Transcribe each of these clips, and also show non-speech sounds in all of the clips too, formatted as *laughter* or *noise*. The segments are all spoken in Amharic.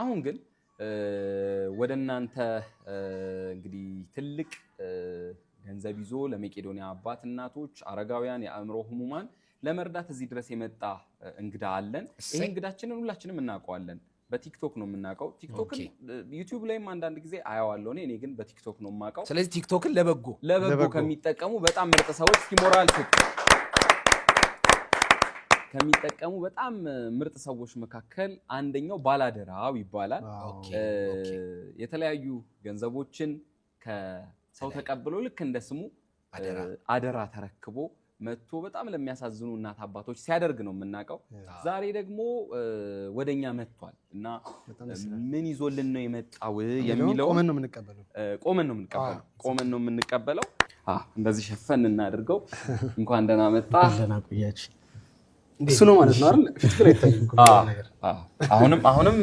አሁን ግን ወደ እናንተ እንግዲህ ትልቅ ገንዘብ ይዞ ለመቄዶንያ አባት እናቶች፣ አረጋውያን፣ የአእምሮ ህሙማን ለመርዳት እዚህ ድረስ የመጣ እንግዳ አለን። ይህ እንግዳችንን ሁላችንም እናውቀዋለን። በቲክቶክ ነው የምናውቀው። ቲክቶክን ዩቲዩብ ላይም አንዳንድ ጊዜ አየዋለሁ እኔ ግን በቲክቶክ ነው የማውቀው። ስለዚህ ቲክቶክን ለበጎ ለበጎ ከሚጠቀሙ በጣም ምርጥ ሰዎች እስኪ ሞራል ከሚጠቀሙ በጣም ምርጥ ሰዎች መካከል አንደኛው ባላደራው ይባላል። የተለያዩ ገንዘቦችን ከሰው ተቀብሎ ልክ እንደ ስሙ አደራ ተረክቦ መጥቶ በጣም ለሚያሳዝኑ እናት አባቶች ሲያደርግ ነው የምናውቀው። ዛሬ ደግሞ ወደኛ መጥቷል እና ምን ይዞልን ነው የመጣው የሚለው ቆመን ነው የምንቀበለው። ቆመን ነው የምንቀበለው። እንደዚህ ሸፈን እናድርገው። *laughs* እንኳን ደህና መጣ። ደህና እሱ ነው ማለት ነው አይደል? ላይ አሁንም አሁንም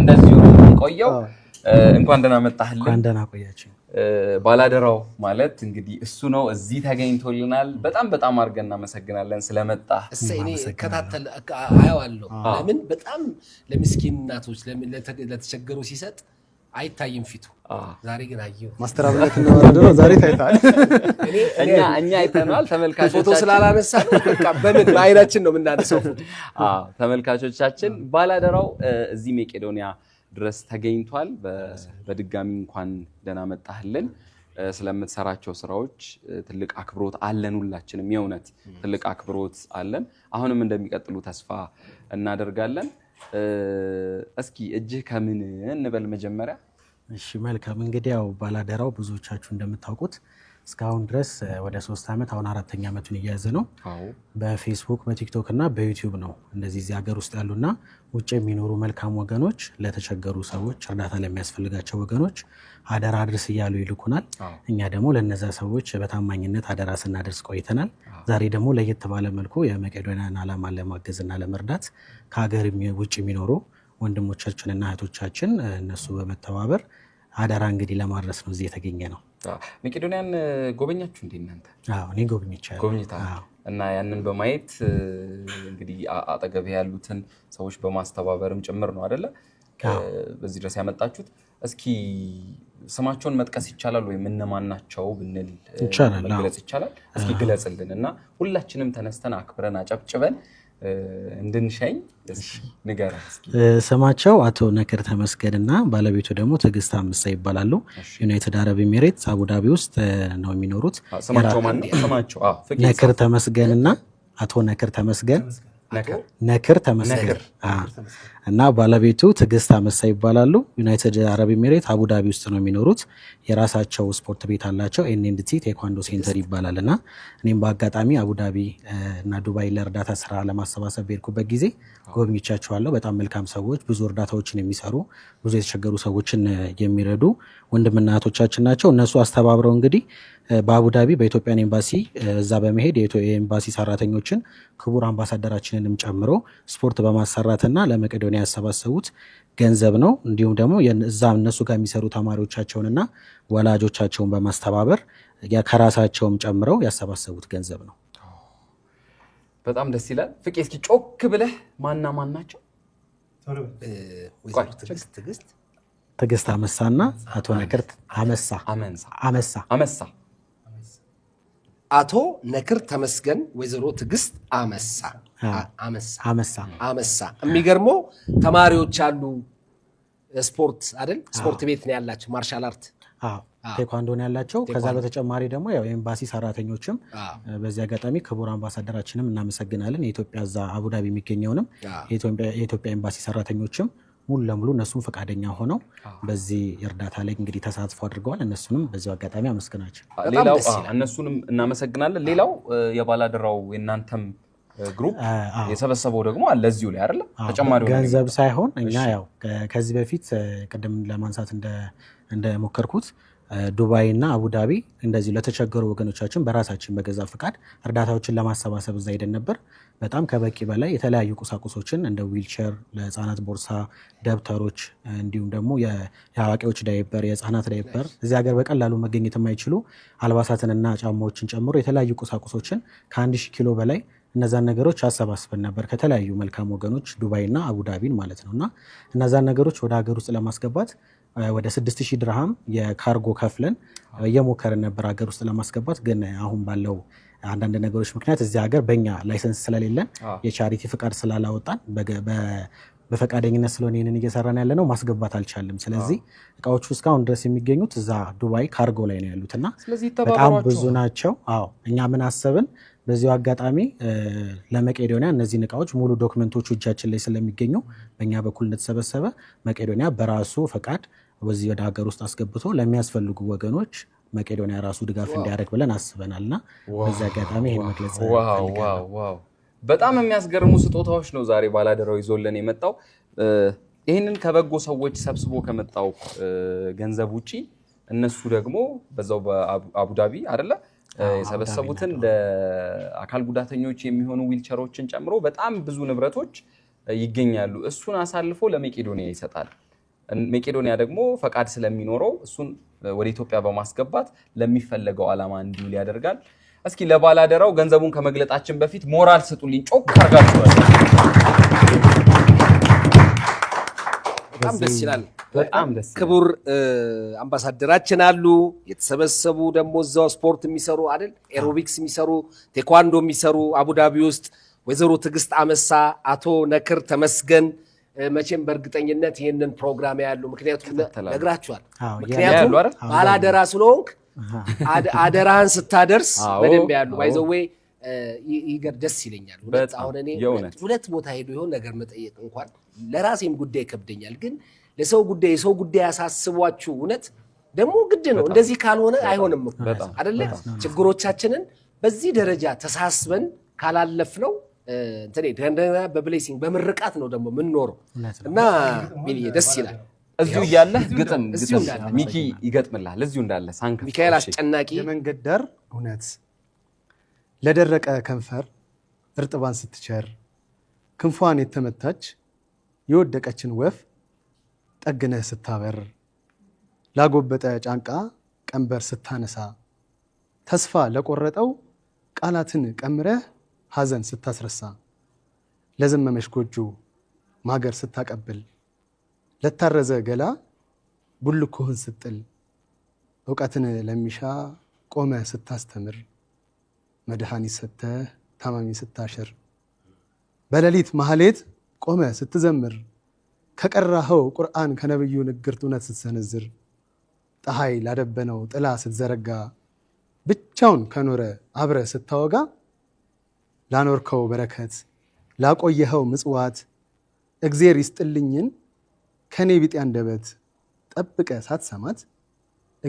እንደዚሁ ቆየው። እንኳን ደህና መጣህልን። ደህና ቆያችሁ። ባላደራው ማለት እንግዲህ እሱ ነው። እዚህ ተገኝቶልናል። በጣም በጣም አድርገን እናመሰግናለን ስለመጣ። እኔ ከታተል አየዋለሁ። ለምን በጣም ለምስኪን እናቶች ለተቸገሩ ሲሰጥ አይታይም ፊቱ። ዛሬ ግን አየሁ። ማስተር አብነት እና ማራዶና ዛሬ ታይታል። እኛ እኛ አይተናል። ተመልካቾች ፎቶ ስላላነሳ በቃ በምን በአይናችን ነው የምናነሳው። አዎ ተመልካቾቻችን፣ ባላደራው እዚህ መቄዶንያ ድረስ ተገኝቷል። በድጋሚ እንኳን ደህና መጣህልን። ስለምትሰራቸው ስራዎች ትልቅ አክብሮት አለን። ሁላችንም የእውነት ትልቅ አክብሮት አለን። አሁንም እንደሚቀጥሉ ተስፋ እናደርጋለን። እስኪ እጅህ ከምን እንበል መጀመሪያ እሺ መልካም እንግዲህ ያው ባላደራው ብዙዎቻችሁ እንደምታውቁት እስካሁን ድረስ ወደ ሶስት ዓመት አሁን አራተኛ ዓመቱን እያያዘ ነው። በፌስቡክ በቲክቶክ እና በዩቲዩብ ነው እንደዚህ እዚህ ሀገር ውስጥ ያሉና ውጭ የሚኖሩ መልካም ወገኖች ለተቸገሩ ሰዎች እርዳታ ለሚያስፈልጋቸው ወገኖች አደራ አድርስ እያሉ ይልኩናል። እኛ ደግሞ ለነዛ ሰዎች በታማኝነት አደራ ስናደርስ ቆይተናል። ዛሬ ደግሞ ለየት ባለ መልኩ የመቄዶንያን ዓላማ ለማገዝና ለመርዳት ከሀገር ውጭ የሚኖሩ ወንድሞቻችንና እህቶቻችን እነሱ በመተባበር አደራ እንግዲህ ለማድረስ ነው እዚህ የተገኘ ነው። መቄዶንያን ጎበኛችሁ እንዴ እናንተ? እኔ ጎብኝቻለሁ። ጎብኝታለሁ እና ያንን በማየት እንግዲህ አጠገብ ያሉትን ሰዎች በማስተባበርም ጭምር ነው አደለ? በዚህ ድረስ ያመጣችሁት። እስኪ ስማቸውን መጥቀስ ይቻላል ወይም እነማን ናቸው ብንል መግለጽ ይቻላል? እስኪ ግለጽልን እና ሁላችንም ተነስተን አክብረን አጨብጭበን እንድንሸኝ ንገረን። ስማቸው አቶ ነክር ተመስገን እና ባለቤቱ ደግሞ ትዕግስት አምሳ ይባላሉ። ዩናይትድ አረብ ኤሚሬት አቡዳቢ ውስጥ ነው የሚኖሩት። ነክር ተመስገን እና አቶ ነክር ተመስገን ነክር ተመስገን እና ባለቤቱ ትዕግስት አመሳ ይባላሉ። ዩናይትድ አረብ ኤሚሬት አቡዳቢ ውስጥ ነው የሚኖሩት። የራሳቸው ስፖርት ቤት አላቸው። ኤንኤንዲቲ ቴኳንዶ ሴንተር ይባላል እና እኔም በአጋጣሚ አቡዳቢ እና ዱባይ ለእርዳታ ስራ ለማሰባሰብ በሄድኩበት ጊዜ ጎብኝቻቸዋለሁ። በጣም መልካም ሰዎች፣ ብዙ እርዳታዎችን የሚሰሩ ብዙ የተቸገሩ ሰዎችን የሚረዱ ወንድምና እህቶቻችን ናቸው። እነሱ አስተባብረው እንግዲህ በአቡዳቢ በኢትዮጵያን ኤምባሲ እዛ በመሄድ የኤምባሲ ሰራተኞችን ክቡር አምባሳደራችንንም ጨምሮ ስፖርት በማሰራትና ለመቄዶንያ ያሰባሰቡት ገንዘብ ነው። እንዲሁም ደግሞ እዛ እነሱ ጋር የሚሰሩ ተማሪዎቻቸውንና ወላጆቻቸውን በማስተባበር ከራሳቸውም ጨምረው ያሰባሰቡት ገንዘብ ነው። በጣም ደስ ይላል። ፍቄ እስኪ ጮክ ብለህ ማና ማን ናቸው? ትዕግስት አመሳና አቶ ነክርት አመሳ አመሳ አቶ ነክር ተመስገን ወይዘሮ ትዕግስት አመሳ አመሳ። የሚገርመው ተማሪዎች አሉ ስፖርት አይደል ስፖርት ቤት ነው ያላቸው ማርሻል አርት ቴኳንዶ ነው ያላቸው። ከዛ በተጨማሪ ደግሞ ያው ኤምባሲ ሰራተኞችም በዚህ አጋጣሚ ክቡር አምባሳደራችንም እናመሰግናለን። የኢትዮጵያ እዛ አቡዳቢ የሚገኘውንም የኢትዮጵያ ኤምባሲ ሰራተኞችም ሙሉ ለሙሉ እነሱም ፈቃደኛ ሆነው በዚህ እርዳታ ላይ እንግዲህ ተሳትፎ አድርገዋል። እነሱንም በዚ አጋጣሚ አመስግናቸው። ሌላው እነሱንም እናመሰግናለን። ሌላው የባላደራው የእናንተም ግሩፕ የሰበሰበው ደግሞ ለዚሁ ላይ አይደለም ተጨማሪ ገንዘብ ሳይሆን እኛ ያው ከዚህ በፊት ቅድም ለማንሳት እንደሞከርኩት ዱባይ እና አቡዳቢ እንደዚህ ለተቸገሩ ወገኖቻችን በራሳችን በገዛ ፍቃድ እርዳታዎችን ለማሰባሰብ እዛ ሄደን ነበር። በጣም ከበቂ በላይ የተለያዩ ቁሳቁሶችን እንደ ዊልቸር፣ ለህፃናት ቦርሳ፣ ደብተሮች እንዲሁም ደግሞ የአዋቂዎች ዳይበር፣ የህፃናት ዳይበር እዚህ ሀገር በቀላሉ መገኘት የማይችሉ አልባሳትንና ጫማዎችን ጨምሮ የተለያዩ ቁሳቁሶችን ከአንድ ሺህ ኪሎ በላይ እነዛን ነገሮች አሰባስበን ነበር ከተለያዩ መልካም ወገኖች ዱባይና አቡዳቢን ማለት ነው እና እነዛን ነገሮች ወደ ሀገር ውስጥ ለማስገባት ወደ 6000 ድርሃም የካርጎ ከፍለን እየሞከርን ነበር ሀገር ውስጥ ለማስገባት። ግን አሁን ባለው አንዳንድ ነገሮች ምክንያት እዚህ ሀገር በእኛ ላይሰንስ ስለሌለን የቻሪቲ ፍቃድ ስላላወጣን በፈቃደኝነት ስለሆነ ይህንን እየሰራን ያለ ነው ማስገባት አልቻለም። ስለዚህ እቃዎቹ እስካሁን ድረስ የሚገኙት እዛ ዱባይ ካርጎ ላይ ነው ያሉት እና በጣም ብዙ ናቸው። አዎ እኛ ምን አሰብን በዚሁ አጋጣሚ ለመቄዶንያ እነዚህን እቃዎች ሙሉ ዶክመንቶቹ እጃችን ላይ ስለሚገኙ በእኛ በኩል እንደተሰበሰበ መቄዶኒያ በራሱ ፈቃድ በዚህ ወደ ሀገር ውስጥ አስገብቶ ለሚያስፈልጉ ወገኖች መቄዶንያ ራሱ ድጋፍ እንዲያደርግ ብለን አስበናል እና በዚህ አጋጣሚ ይህን መግለጽ በጣም የሚያስገርሙ ስጦታዎች ነው ዛሬ ባላደራው ይዞልን የመጣው። ይህንን ከበጎ ሰዎች ሰብስቦ ከመጣው ገንዘብ ውጪ እነሱ ደግሞ በዛው በአቡዳቢ አደለ የሰበሰቡትን ለአካል ጉዳተኞች የሚሆኑ ዊልቸሮችን ጨምሮ በጣም ብዙ ንብረቶች ይገኛሉ። እሱን አሳልፎ ለመቄዶንያ ይሰጣል። ሜቄዶኒያ ደግሞ ፈቃድ ስለሚኖረው እሱን ወደ ኢትዮጵያ በማስገባት ለሚፈለገው ዓላማ እንዲውል ያደርጋል። እስኪ ለባላደራው ገንዘቡን ከመግለጣችን በፊት ሞራል ስጡልኝ። ጮክ አርጋችኋል። በጣም ደስ ይላል። በጣም ክቡር አምባሳደራችን አሉ። የተሰበሰቡ ደግሞ እዛው ስፖርት የሚሰሩ አይደል፣ ኤሮቢክስ የሚሰሩ ቴኳንዶ የሚሰሩ አቡዳቢ ውስጥ ወይዘሮ ትዕግስት አመሳ፣ አቶ ነክር ተመስገን መቼም በእርግጠኝነት ይህንን ፕሮግራም ያሉ ምክንያቱም ነግራችኋል። ምክንያቱም ባላደራ ስለሆንክ አደራህን ስታደርስ በደንብ ያሉ ባይዘዌ ይገር ደስ ይለኛል። አሁን እኔ ሁለት ቦታ ሄዶ ይሆን ነገር መጠየቅ እንኳን ለራሴም ጉዳይ ይከብደኛል፣ ግን ለሰው ጉዳይ የሰው ጉዳይ ያሳስቧችሁ እውነት ደግሞ ግድ ነው። እንደዚህ ካልሆነ አይሆንም አደለ። ችግሮቻችንን በዚህ ደረጃ ተሳስበን ካላለፍነው እንደገና በብሌሲንግ በምርቃት ነው ደግሞ የምንኖረው እና ሚልዬ ደስ ይላል። እዚሁ እያለህ ግጥም ግጥም ሚኪ ይገጥምላል። እዚሁ እንዳለ ሳንክ ሚካኤል አስጨናቂ የመንገድ ዳር እውነት ለደረቀ ከንፈር እርጥባን ስትቸር ክንፏን የተመታች የወደቀችን ወፍ ጠግነህ ስታበር ላጎበጠ ጫንቃ ቀንበር ስታነሳ ተስፋ ለቆረጠው ቃላትን ቀምረህ ሐዘን ስታስረሳ ለዘመመሽ ጎጆ ማገር ስታቀብል ለታረዘ ገላ ቡልኮህን ስጥል እውቀትን ለሚሻ ቆመ ስታስተምር መድኃኒት ሰጥተህ ታማሚ ስታሽር በሌሊት ማህሌት ቆመ ስትዘምር ከቀራኸው ቁርአን ከነብዩ ንግርት እውነት ስትሰነዝር ፀሐይ ላደበነው ጥላ ስትዘረጋ ብቻውን ከኖረ አብረ ስታወጋ ላኖርከው በረከት ላቆየኸው ምጽዋት እግዜር ይስጥልኝን ከኔ ቢጤ አንደበት ጠብቀ ሳትሰማት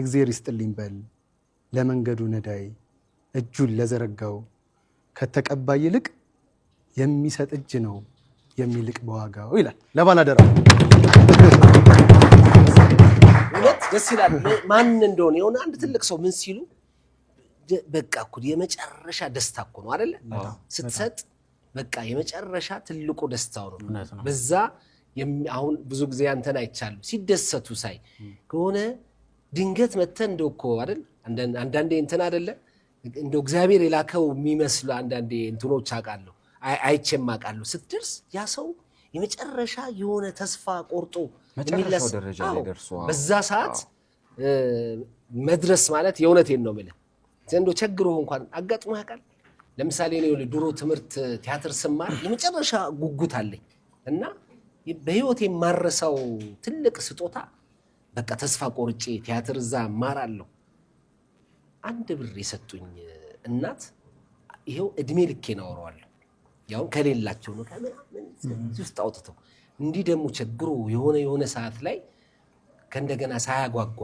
እግዜር ይስጥልኝ በል ለመንገዱ ነዳይ እጁን ለዘረጋው ከተቀባይ ይልቅ የሚሰጥ እጅ ነው የሚልቅ በዋጋው ይላል ለባላደራ። ደስ ይላል። ማን እንደሆነ የሆነ አንድ ትልቅ ሰው ምን ሲሉ በቃ እኮ የመጨረሻ ደስታ እኮ ነው አይደለ? ስትሰጥ በቃ የመጨረሻ ትልቁ ደስታው ነው። በዛ አሁን ብዙ ጊዜ አንተን አይቻሉ ሲደሰቱ ሳይ ከሆነ ድንገት መተን እንደው እኮ አይደል አንዳንዴ እንትን አይደለ እንደው እግዚአብሔር የላከው የሚመስሉ አንዳንዴ እንትኖች አውቃለሁ አይቼም አውቃለሁ። ስትደርስ ያ ሰው የመጨረሻ የሆነ ተስፋ ቆርጦ በዛ ሰዓት መድረስ ማለት የእውነቴን ነው የምልህ ዘንዶ ቸግሮ እንኳን አጋጥሞ ያውቃል? ለምሳሌ እኔ ድሮ ትምህርት ቲያትር ስማር የመጨረሻ ጉጉት አለኝ እና በህይወት የማረሳው ትልቅ ስጦታ በቃ ተስፋ ቆርጬ ቲያትር እዛ ማራለሁ አንድ ብር የሰጡኝ እናት ይኸው እድሜ ልኬ ናወረዋለሁ። ያውም ከሌላቸው ነው ከምናምን ውስጥ አውጥተው እንዲህ ደግሞ ቸግሮ የሆነ የሆነ ሰዓት ላይ ከእንደገና ሳያጓጓ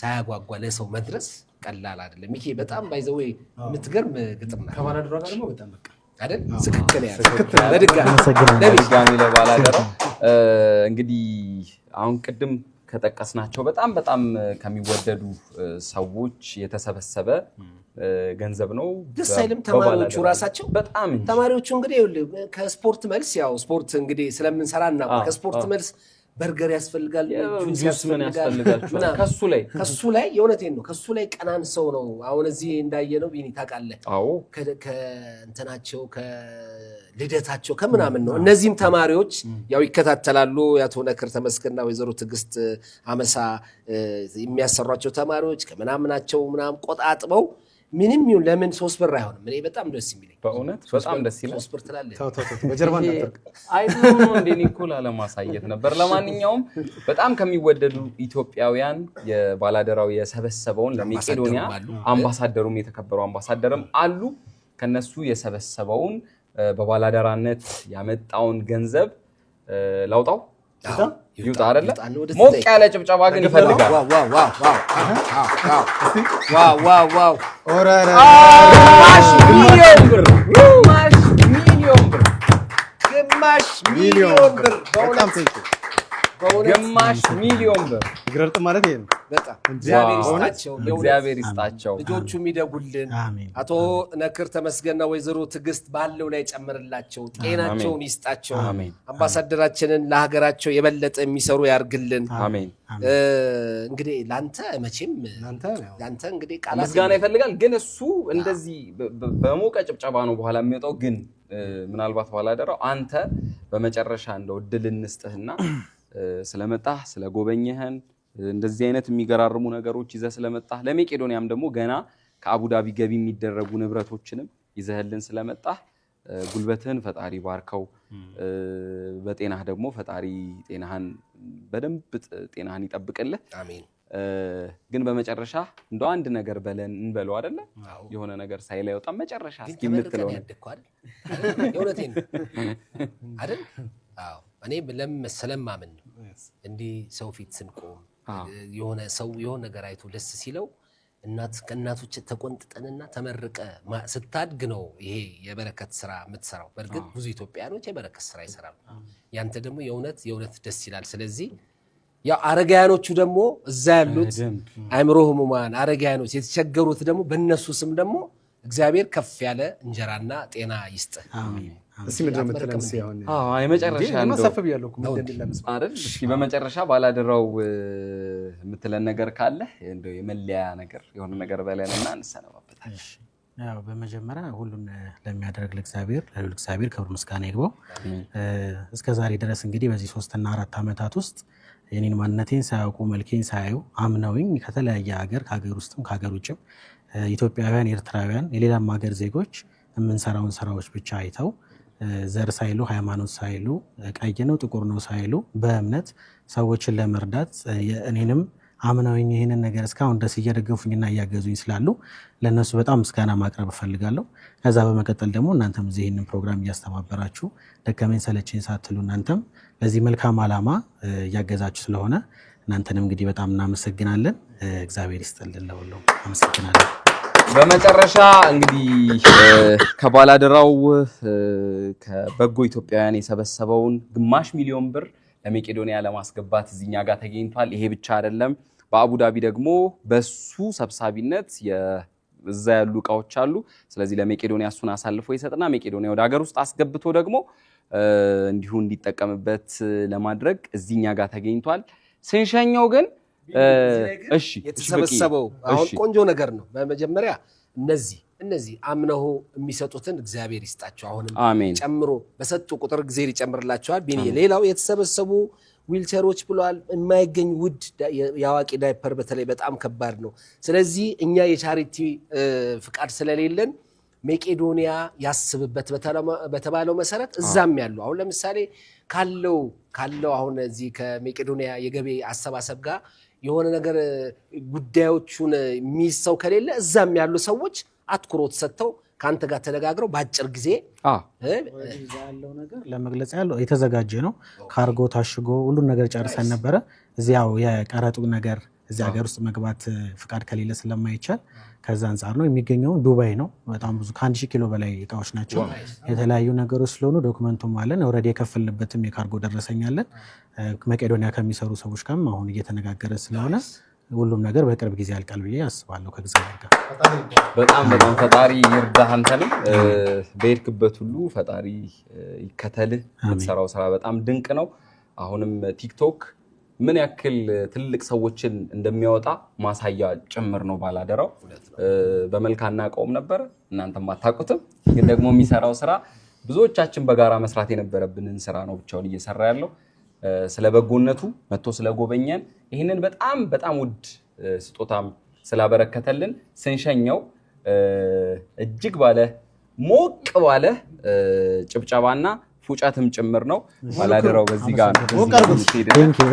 ሳያጓጓ ለሰው መድረስ ቀላል አይደለም። ይሄ በጣም ባይዘወይ የምትገርም ግጥም ናት። ከባላደራ ጋር ደግሞ በጣም በቃ አይደል ስክክል ያለ እንግዲህ አሁን ቅድም ከጠቀስናቸው በጣም በጣም ከሚወደዱ ሰዎች የተሰበሰበ ገንዘብ ነው። ደስ አይልም? ተማሪዎቹ ራሳቸው በጣም ተማሪዎቹ እንግዲህ ከስፖርት መልስ ያው ስፖርት እንግዲህ ስለምንሰራ እና ከስፖርት መልስ በርገር ያስፈልጋል ያስፈልጋል። ከሱ ላይ ከሱ ላይ የእውነቴን ነው ከሱ ላይ ቀናን ሰው ነው። አሁን እዚህ እንዳየነው ቢኒ ታውቃለህ፣ ከእንትናቸው ከልደታቸው ከምናምን ነው። እነዚህም ተማሪዎች ያው ይከታተላሉ። የአቶ ነክር ተመስገና ወይዘሮ ትዕግስት አመሳ የሚያሰሯቸው ተማሪዎች ከምናምናቸው ምናምን ቆጣጥበው ምንም ይሁን ለምን ሶስት ብር አይሆንም። እኔ በጣም ደስ የሚለኝ በእውነት በጣም ደስ ይላል። ሶስት ብር ትላለህ። በጀርባ አይ እንዴ ኒኮላ ለማሳየት ነበር። ለማንኛውም በጣም ከሚወደዱ ኢትዮጵያውያን የባላደራው የሰበሰበውን ለመቄዶንያ አምባሳደሩም የተከበሩ አምባሳደርም አሉ። ከነሱ የሰበሰበውን በባላደራነት ያመጣውን ገንዘብ ላውጣው ይውጣ አይደለ? ሞቅ ያለ ጭብጨባ ግን ይፈልጋል። ግማሽ ሚሊዮን ብር ግማሽ ሚሊዮን ብር እግረ ማለት ይሄ ነው። እግዚአብሔር ይስጣቸው፣ ልጆቹ የሚደጉልን። አቶ ነክር ተመስገንና ወይዘሮ ትዕግስት ባለው ላይ ጨምርላቸው፣ ጤናቸውን ይስጣቸው። አምባሳደራችንን ለሀገራቸው የበለጠ የሚሰሩ ያርግልን። እንግዲህ ለአንተ መቼም ለአንተ እንግዲህ ቃላት ምስጋና ይፈልጋል፣ ግን እሱ እንደዚህ በሞቀ ጭብጨባ ነው በኋላ የሚወጣው። ግን ምናልባት ባላደራው አንተ በመጨረሻ እንደው እድል እንስጥህና ስለመጣህ ስለጎበኘህን እንደዚህ አይነት የሚገራርሙ ነገሮች ይዘህ ስለመጣህ ለመቄዶንያም ደግሞ ገና ከአቡዳቢ ገቢ የሚደረጉ ንብረቶችንም ይዘህልን ስለመጣህ ጉልበትህን ፈጣሪ ባርከው፣ በጤናህ ደግሞ ፈጣሪ ጤናህን በደንብ ጤናህን ይጠብቅልህ። ግን በመጨረሻ እንደ አንድ ነገር በለን እንበለው አይደለ? የሆነ ነገር ላይ ወጣ መጨረሻ እስኪ የምትለው *laughs* እኔ ለምን መሰለም ማምን ነው እንዲህ ሰው ፊት ስንቆም የሆነ ሰው የሆነ ነገር አይቶ ደስ ሲለው ከእናቶች ተቆንጥጠንና ተመርቀ ስታድግ ነው ይሄ የበረከት ስራ የምትሰራው። በእርግጥ ብዙ ኢትዮጵያኖች የበረከት ስራ ይሰራሉ። ያንተ ደግሞ የእውነት የእውነት ደስ ይላል። ስለዚህ ያው አረጋያኖቹ ደግሞ እዛ ያሉት አእምሮ ህሙማን አረጋያኖች የተቸገሩት ደግሞ በእነሱ ስም ደግሞ እግዚአብሔር ከፍ ያለ እንጀራና ጤና ይስጥ። በመጨረሻ ባላደራው የምትለን ነገር ካለ የመለያ ነገር የሆነ ነገር እንሰነባበታል። በመጀመሪያ ሁሉን ለሚያደርግ ለእግዚአብሔር ለሉ እግዚአብሔር ክብር ምስጋና ይግባው። ድረስ እንግዲህ በዚህ ሶስትና አራት ዓመታት ውስጥ የኔን ማንነቴን ሳያውቁ መልኬን ሳያዩ አምነውኝ ከተለያየ ሀገር ከሀገር ውስጥም ከሀገር ውጭም ኢትዮጵያውያን፣ ኤርትራውያን፣ የሌላም ሀገር ዜጎች የምንሰራውን ስራዎች ብቻ አይተው ዘር ሳይሉ ሃይማኖት ሳይሉ ቀይ ነው ጥቁር ነው ሳይሉ በእምነት ሰዎችን ለመርዳት እኔንም አምናዊኝ ይህንን ነገር እስካሁን ደስ እየደገፉኝና እያገዙኝ ስላሉ ለእነሱ በጣም ምስጋና ማቅረብ እፈልጋለሁ። ከዛ በመቀጠል ደግሞ እናንተም እዚህ ይህንን ፕሮግራም እያስተባበራችሁ ደከመኝ ሰለችኝ ሳትሉ እናንተም በዚህ መልካም ዓላማ እያገዛችሁ ስለሆነ እናንተንም እንግዲህ በጣም እናመሰግናለን። እግዚአብሔር ይስጥልን። ለሁሉም አመሰግናለን። በመጨረሻ እንግዲህ ከባላደራው ከበጎ ኢትዮጵያውያን የሰበሰበውን ግማሽ ሚሊዮን ብር ለመቄዶንያ ለማስገባት እዚኛ ጋር ተገኝቷል። ይሄ ብቻ አይደለም። በአቡዳቢ ደግሞ በሱ ሰብሳቢነት እዛ ያሉ እቃዎች አሉ። ስለዚህ ለመቄዶንያ እሱን አሳልፎ ይሰጥና መቄዶንያ ወደ ሀገር ውስጥ አስገብቶ ደግሞ እንዲሁ እንዲጠቀምበት ለማድረግ እዚኛ ጋር ተገኝቷል። ስንሸኘው ግን የተሰበሰበው አሁን ቆንጆ ነገር ነው። በመጀመሪያ እነዚህ እነዚህ አምነው የሚሰጡትን እግዚአብሔር ይስጣቸው። አሁንም ጨምሮ በሰጡ ቁጥር እግዚአብሔር ይጨምርላቸዋል። ሌላው የተሰበሰቡ ዊልቸሮች ብለዋል። የማይገኝ ውድ የአዋቂ ዳይፐር በተለይ በጣም ከባድ ነው። ስለዚህ እኛ የቻሪቲ ፍቃድ ስለሌለን መቄዶንያ ያስብበት በተባለው መሰረት እዛም ያሉ አሁን ለምሳሌ ካለው ካለው አሁን እዚህ ከመቄዶንያ የገቢ አሰባሰብ ጋር የሆነ ነገር ጉዳዮቹን የሚይዝ ሰው ከሌለ እዛም ያሉ ሰዎች አትኩሮት ሰጥተው ከአንተ ጋር ተነጋግረው በአጭር ጊዜ ያለው ለመግለጽ ያለው የተዘጋጀ ነው። ካርጎ ታሽጎ ሁሉን ነገር ጨርሰን ነበረ። እዚያው የቀረጡ ነገር እዚህ ሀገር ውስጥ መግባት ፍቃድ ከሌለ ስለማይቻል ከዛ አንጻር ነው የሚገኘው። ዱባይ ነው። በጣም ብዙ ከአንድ ሺህ ኪሎ በላይ እቃዎች ናቸው። የተለያዩ ነገሮች ስለሆኑ ዶክመንቱም አለን። ኦልሬዲ የከፈልንበትም የካርጎ ደረሰኛለን። መቄዶኒያ ከሚሰሩ ሰዎች ጋርም አሁን እየተነጋገረ ስለሆነ ሁሉም ነገር በቅርብ ጊዜ ያልቃል ብዬ አስባለሁ። ከእግዚአብሔር ጋር በጣም በጣም ፈጣሪ ይርዳህ። አንተንም በሄድክበት ሁሉ ፈጣሪ ይከተልህ። የምትሰራው ስራ በጣም ድንቅ ነው። አሁንም ቲክቶክ ምን ያክል ትልቅ ሰዎችን እንደሚያወጣ ማሳያ ጭምር ነው ባላደራው። በመልክ አናውቀውም ነበር፣ እናንተም አታውቁትም። ግን ደግሞ የሚሰራው ስራ ብዙዎቻችን በጋራ መስራት የነበረብንን ስራ ነው ብቻውን እየሰራ ያለው። ስለ በጎነቱ መጥቶ ስለጎበኘን ይህንን በጣም በጣም ውድ ስጦታም ስላበረከተልን ስንሸኘው እጅግ ባለ ሞቅ ባለ ጭብጨባና ፉጨትም ጭምር ነው። ባላደራው በዚህ ጋር ነው።